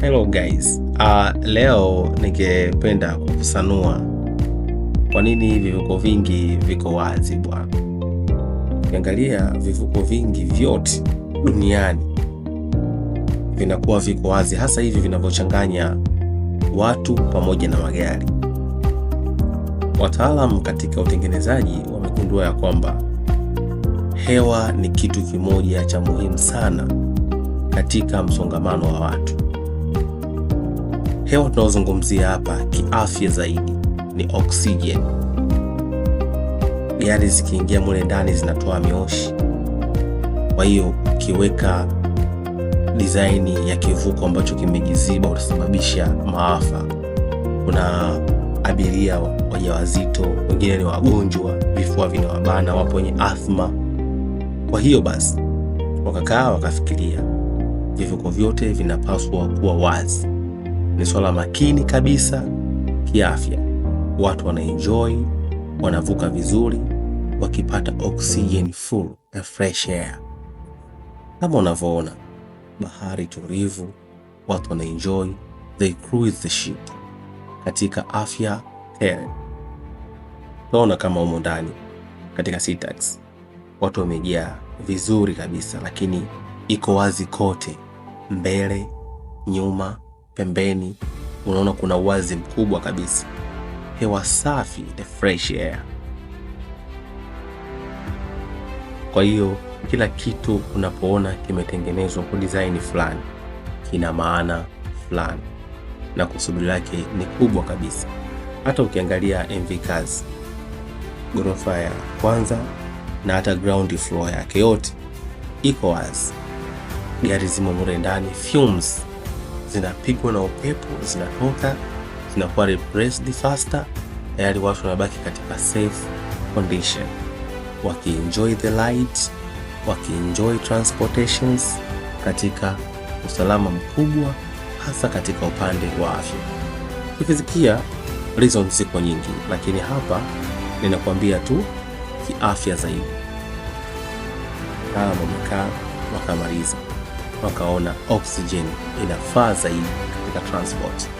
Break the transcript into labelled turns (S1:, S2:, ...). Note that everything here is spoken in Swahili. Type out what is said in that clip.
S1: Hello guys. Uh, leo ningependa kukusanua kwa nini vivuko vingi viko wazi bwana. Ukiangalia vivuko vingi vyote duniani vinakuwa viko wazi, hasa hivi vinavyochanganya watu pamoja na magari. Wataalamu katika utengenezaji wamegundua ya kwamba hewa ni kitu kimoja cha muhimu sana katika msongamano wa watu. Hewa tunaozungumzia hapa kiafya zaidi ni oksijen yaani zikiingia mule ndani zinatoa mioshi. Kwa hiyo ukiweka dizaini ya kivuko ambacho kimejiziba utasababisha maafa. Kuna abiria wazito wengine ni wagonjwa, vifua vinawabana, wapo wenye athma. Kwa hiyo basi wakakaa wakafikiria, vivuko vyote vinapaswa kuwa wazi ni swala makini kabisa kiafya. Watu wanaenjoy, wanavuka vizuri wakipata oxygen full na fresh air. Kama unavyoona bahari tulivu, watu wanaenjoy, they cruise the ship katika Afya tele. Tunaona kama umo ndani katika Sitax watu wamejaa vizuri kabisa, lakini iko wazi kote, mbele nyuma Pembeni unaona kuna uwazi mkubwa kabisa, hewa safi, the fresh air. Kwa hiyo kila kitu unapoona kimetengenezwa kwa design fulani, kina maana fulani, na kusudi lake ni kubwa kabisa. Hata ukiangalia MV Cars ghorofa ya kwanza na hata ground floor yake yote iko wazi, gari zimo mure ndani fumes zinapigwa na upepo, zinatoka zinakuwa repressed faster, tayari watu wanabaki katika safe condition, wakienjoy the light, wakienjoy transportations katika usalama mkubwa, hasa katika upande wa afya. Kifizikia reasons ziko nyingi, lakini hapa ninakuambia tu kiafya zaidi. Kama wamekaa wakamaliza wakaona oksijeni inafaa zaidi katika transport.